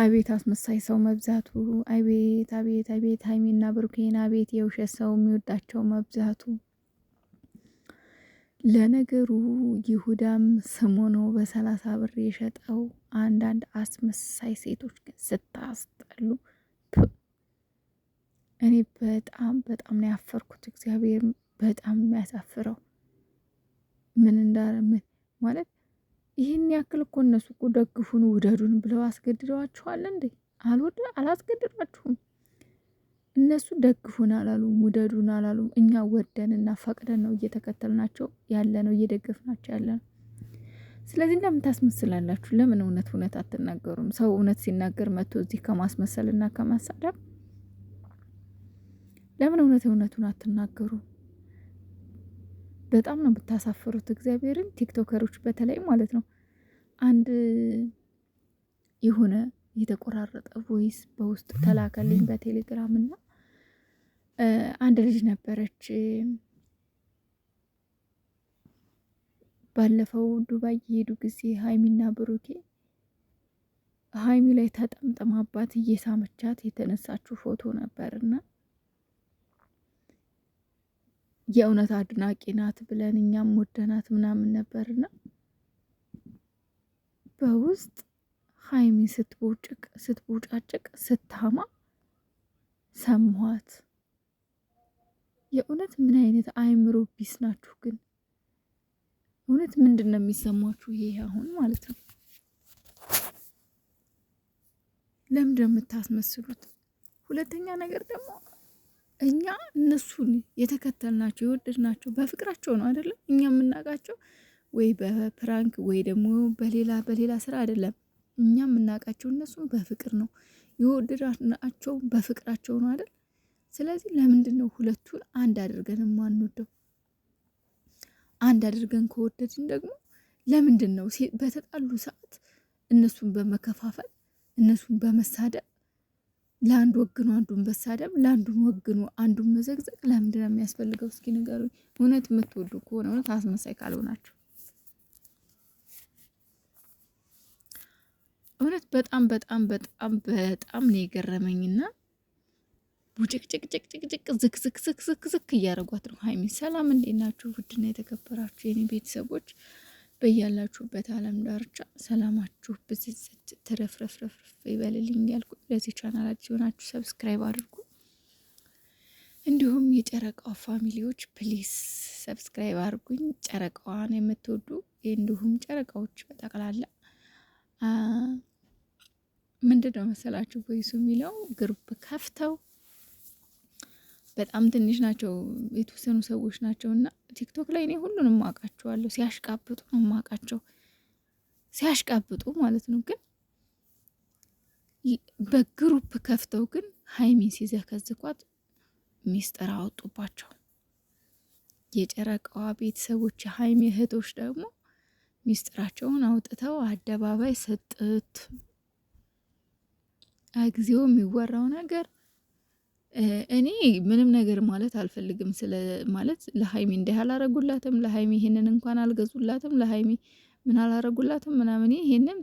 አቤት አስመሳይ ሰው መብዛቱ፣ አቤት አቤት አቤት ሀይሚና ብሩኬን አቤት የውሸት ሰው የሚወዳቸው መብዛቱ። ለነገሩ ይሁዳም ስሙ ነው በሰላሳ ብር የሸጠው። አንዳንድ አስመሳይ ሴቶች ግን ስታስጠሉ። እኔ በጣም በጣም ነው ያፈርኩት። እግዚአብሔር በጣም የሚያሳፍረው ምን እንዳረምን ማለት ይህን ያክል እኮ እነሱ እኮ ደግፉን ውደዱን ብለው አስገድደዋችኋል እንዴ? አልወደ አላስገድዷችሁም። እነሱ ደግፉን አላሉም ውደዱን አላሉም። እኛ ወደን እና ፈቅደን ነው እየተከተልናቸው ያለ ነው እየደገፍናቸው ያለ ነው። ስለዚህ ለምን ታስመስላላችሁ? ለምን እውነት እውነት አትናገሩም? ሰው እውነት ሲናገር መጥቶ እዚህ ከማስመሰልና ከማሳደብ ለምን እውነት እውነቱን አትናገሩም? በጣም ነው የምታሳፍሩት። እግዚአብሔርን ቲክቶከሮች በተለይ ማለት ነው። አንድ የሆነ የተቆራረጠ ቮይስ በውስጥ ተላከልኝ በቴሌግራም እና አንድ ልጅ ነበረች ባለፈው ዱባይ የሄዱ ጊዜ ሀይሚና ብሩኬ ሀይሚ ላይ ተጠምጥማባት እየሳመቻት የተነሳችው ፎቶ ነበርና የእውነት አድናቂ ናት ብለን እኛም ወደናት ምናምን ነበርና በውስጥ ሀይሚ ስትቦጭቅ ስትቦጫጭቅ ስታማ ሰማኋት። የእውነት ምን አይነት አእምሮ ቢስ ናችሁ ግን? እውነት ምንድን ነው የሚሰማችሁ? ይሄ አሁን ማለት ነው ለምንድን ነው የምታስመስሉት? ሁለተኛ ነገር ደግሞ እኛ እነሱን የተከተልናቸው የወደድናቸው በፍቅራቸው ነው አይደለም። እኛ የምናውቃቸው ወይ በፕራንክ ወይ ደግሞ በሌላ በሌላ ስራ አይደለም። እኛ የምናውቃቸው እነሱን በፍቅር ነው የወደድናቸው በፍቅራቸው ነው አይደል። ስለዚህ ለምንድን ነው ሁለቱን አንድ አድርገን የማንወደው? አንድ አድርገን ከወደድን ደግሞ ለምንድን ነው በተጣሉ ሰዓት እነሱን በመከፋፈል እነሱን በመሳደብ ለአንድ ወግኑ አንዱን በሳደብ ለአንዱን ወግኑ አንዱን መዘግዘግ ለምንድን ነው የሚያስፈልገው? እስኪ ንገሩኝ። እውነት የምትወዱ ከሆነ እውነት አስመሳይ ካልሆናችሁ እውነት በጣም በጣም በጣም በጣም ነው የገረመኝና ቡጭቅጭቅጭቅጭቅ ዝክ እያደረጓት ነው ሀይሚን። ሰላም እንዴት ናችሁ? ውድና የተከበራችሁ የኔ ቤተሰቦች በያላችሁበት ዓለም ዳርቻ ሰላማችሁ ብዝዝት ትረፍረፍረፍ ይበልልኝ ያልኩ፣ ለዚህ ቻናል አዲስ ሰብስክራይብ አድርጉ። እንዲሁም የጨረቃው ፋሚሊዎች ፕሊስ ሰብስክራይብ አድርጉኝ፣ ጨረቃዋን የምትወዱ እንዲሁም ጨረቃዎች በጠቅላላ ምንድን ነው መሰላችሁ፣ ቦይሱ የሚለው ግሩፕ ከፍተው በጣም ትንሽ ናቸው፣ የተወሰኑ ሰዎች ናቸው እና ቲክቶክ ላይ እኔ ሁሉንም ማውቃቸዋለሁ። ሲያሽቃብጡ ነው ማውቃቸው፣ ሲያሽቃብጡ ማለት ነው። ግን በግሩፕ ከፍተው ግን ሀይሚን ሲዘከዝኳት ሚስጥር አወጡባቸው። የጨረቃዋ ቤተሰቦች የሀይሚ እህቶች ደግሞ ሚስጥራቸውን አውጥተው አደባባይ ሰጥት። እግዚኦ የሚወራው ነገር እኔ ምንም ነገር ማለት አልፈልግም። ስለ ማለት ለሀይሚ እንዲህ አላረጉላትም፣ ለሀይሚ ይሄንን እንኳን አልገዙላትም፣ ለሀይሚ ምን አላረጉላትም ምናምን ይሄንን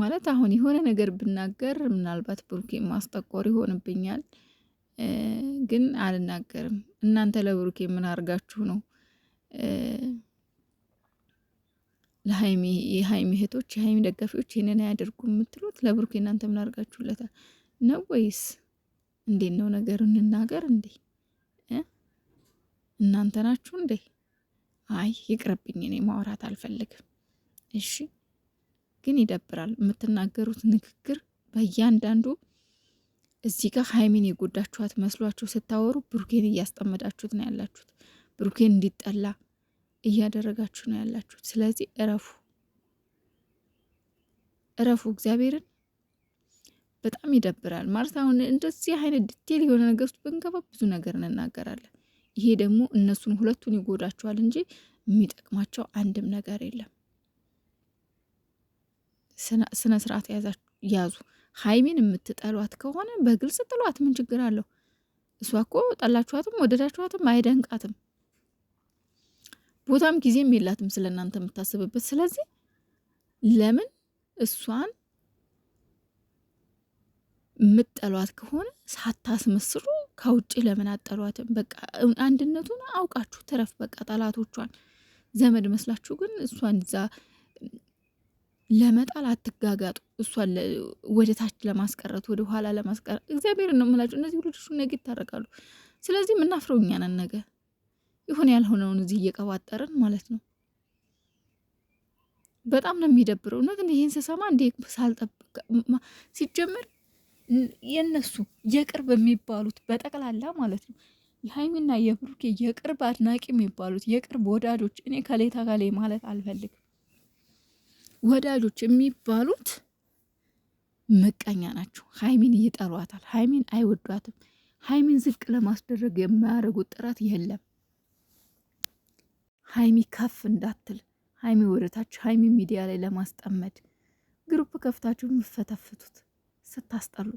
ማለት አሁን የሆነ ነገር ብናገር ምናልባት ብሩኬ ማስጠቆር ይሆንብኛል፣ ግን አልናገርም። እናንተ ለብሩኬ ምን አርጋችሁ ነው ለሀይሚ የሀይሚ እህቶች የሀይሚ ደጋፊዎች ይህንን አያደርጉ የምትሉት? ለብሩኬ እናንተ ምን አርጋችሁለታል ነው ወይስ እንዴት ነው ነገሩ? እንናገር እንዴ? እናንተ ናችሁ እንዴ? አይ ይቅርብኝ፣ እኔ ማውራት አልፈልግም። እሺ፣ ግን ይደብራል የምትናገሩት ንግግር በእያንዳንዱ እዚህ ጋር ሀይሚን የጎዳችኋት መስሏችሁ ስታወሩ ብሩኬን እያስጠመዳችሁት ነው ያላችሁት። ብሩኬን እንዲጠላ እያደረጋችሁ ነው ያላችሁት። ስለዚህ እረፉ፣ እረፉ እግዚአብሔርን በጣም ይደብራል። ማለት አሁን እንደዚህ አይነት ዲቴል የሆነ ነገር ውስጥ ብንገባ ብዙ ነገር እንናገራለን። ይሄ ደግሞ እነሱን ሁለቱን ይጎዳቸዋል እንጂ የሚጠቅማቸው አንድም ነገር የለም። ስነ ስርዓት ያዙ። ሀይሜን የምትጠሏት ከሆነ በግልጽ ጥሏት፣ ምን ችግር አለው? እሷ እኮ ጠላችኋትም ወደዳችኋትም አይደንቃትም። ቦታም ጊዜም የላትም እናንተ የምታስብበት። ስለዚህ ለምን እሷን ምጠሏት ከሆነ ሳታስመስሉ ከውጭ ለምን አጠሏትም? በቃ አንድነቱን አውቃችሁ ትረፍ። በቃ ጠላቶቿን ዘመድ መስላችሁ ግን እሷን እዛ ለመጣል አትጋጋጡ። እሷን ወደ ታች ለማስቀረት ወደ ኋላ ለማስቀረት እግዚአብሔር ነው የምላቸው። እነዚህ ልጆቹ ነገ ይታረቃሉ። ስለዚህ የምናፍረው እኛ ነን። ነገ ይሁን ያልሆነውን እዚህ እየቀባጠርን ማለት ነው። በጣም ነው የሚደብረው። እውነት ይህን ስሰማ እንዴ ሳልጠብቅ ሲጀምር የእነሱ የቅርብ የሚባሉት በጠቅላላ ማለት ነው የሀይሚና የብሩኬ የቅርብ አድናቂ የሚባሉት የቅርብ ወዳጆች፣ እኔ ከሌታ ከሌ ማለት አልፈልግም። ወዳጆች የሚባሉት ምቀኛ ናቸው። ሀይሚን ይጠሏታል። ሀይሚን አይወዷትም። ሀይሚን ዝቅ ለማስደረግ የማያደርጉት ጥረት የለም። ሀይሚ ከፍ እንዳትል፣ ሀይሚ ወደታች፣ ሀይሚ ሚዲያ ላይ ለማስጠመድ ግሩፕ ከፍታችሁ የምፈተፍቱት ስታስጠሉ።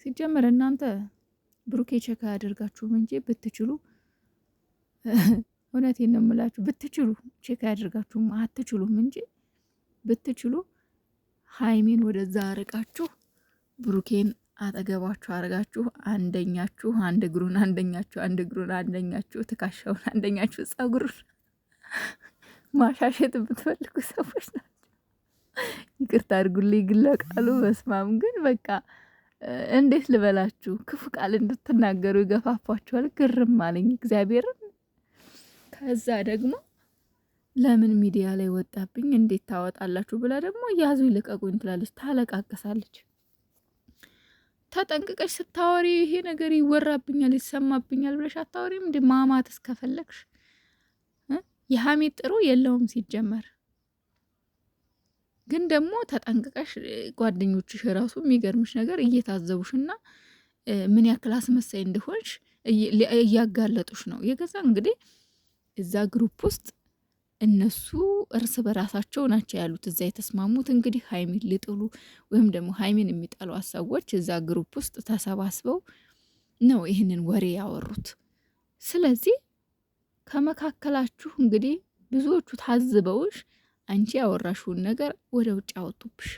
ሲጀመር እናንተ ብሩኬ ቼክ ያደርጋችሁም እንጂ ብትችሉ፣ እውነቴን ነው የምላችሁ፣ ብትችሉ ቼክ አያደርጋችሁም አትችሉም እንጂ ብትችሉ ሀይሜን ወደዛ አርቃችሁ ብሩኬን አጠገባችሁ አርጋችሁ አንደኛችሁ አንድ እግሩን አንደኛችሁ አንድ እግሩን አንደኛችሁ ትከሻውን አንደኛችሁ ጸጉሩን ማሻሸት የምትፈልጉ ሰዎች ናቸው። ይቅርታ አድርጉልኝ ግለ ቃሉ በስማም ግን በቃ እንዴት ልበላችሁ ክፉ ቃል እንድትናገሩ ይገፋፏችኋል። ግርም አለኝ እግዚአብሔርን። ከዛ ደግሞ ለምን ሚዲያ ላይ ወጣብኝ እንዴት ታወጣላችሁ ብላ ደግሞ ያዙ ይልቀቁኝ ትላለች፣ ታለቃቅሳለች። ተጠንቅቀሽ ስታወሪ ይሄ ነገር ይወራብኛል ይሰማብኛል ብለሽ አታወሪም እንዲ ማማት እስከፈለግሽ። የሀሜት ጥሩ የለውም ሲጀመር ግን ደግሞ ተጠንቅቀሽ ጓደኞችሽ ራሱ የሚገርምሽ ነገር እየታዘቡሽና ምን ያክል አስመሳይ እንደሆንሽ እያጋለጡሽ ነው። የገዛ እንግዲህ እዛ ግሩፕ ውስጥ እነሱ እርስ በራሳቸው ናቸው ያሉት እዛ የተስማሙት። እንግዲህ ሀይሚን ሊጥሉ ወይም ደግሞ ሀይሚን የሚጠሏት ሰዎች እዛ ግሩፕ ውስጥ ተሰባስበው ነው ይህንን ወሬ ያወሩት። ስለዚህ ከመካከላችሁ እንግዲህ ብዙዎቹ ታዝበውሽ አንቺ ያወራሽውን ነገር ወደ ውጭ አወጡብሽ።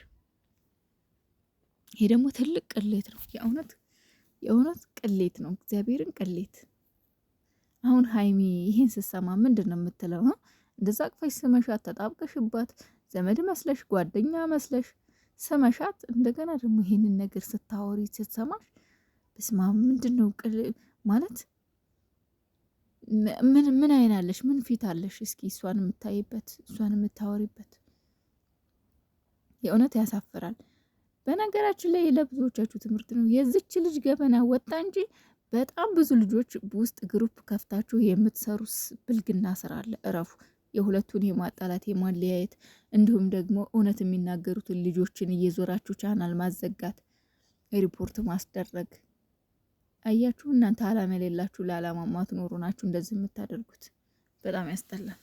ይሄ ደግሞ ትልቅ ቅሌት ነው። የእውነት የእውነት ቅሌት ነው። እግዚአብሔርን ቅሌት። አሁን ሀይሚ ይህን ስሰማ ምንድን ነው የምትለው? እንደዛ አቅፈሽ ስመሻት ተጣብቀሽባት ዘመድ መስለሽ ጓደኛ መስለሽ ስመሻት እንደገና ደግሞ ይህንን ነገር ስታወሪ ስትሰማሽ፣ በስማ ምንድን ነው ማለት ምን ምን አይን አለሽ? ምን ፊት አለሽ? እስኪ እሷን የምታይበት እሷን የምታወሪበት የእውነት ያሳፍራል። በነገራችን ላይ ለብዙዎቻችሁ ትምህርት ነው። የዚች ልጅ ገበና ወጣ እንጂ በጣም ብዙ ልጆች ውስጥ ግሩፕ ከፍታችሁ የምትሰሩ ብልግና ስራ አለ። እረፉ። የሁለቱን የማጣላት የማለያየት፣ እንዲሁም ደግሞ እውነት የሚናገሩትን ልጆችን እየዞራችሁ ቻናል ማዘጋት፣ ሪፖርት ማስደረግ አያችሁ እናንተ አላማ የሌላችሁ ለአላማ ማትኖሩ ናችሁ እንደዚህ የምታደርጉት በጣም ያስጠላል።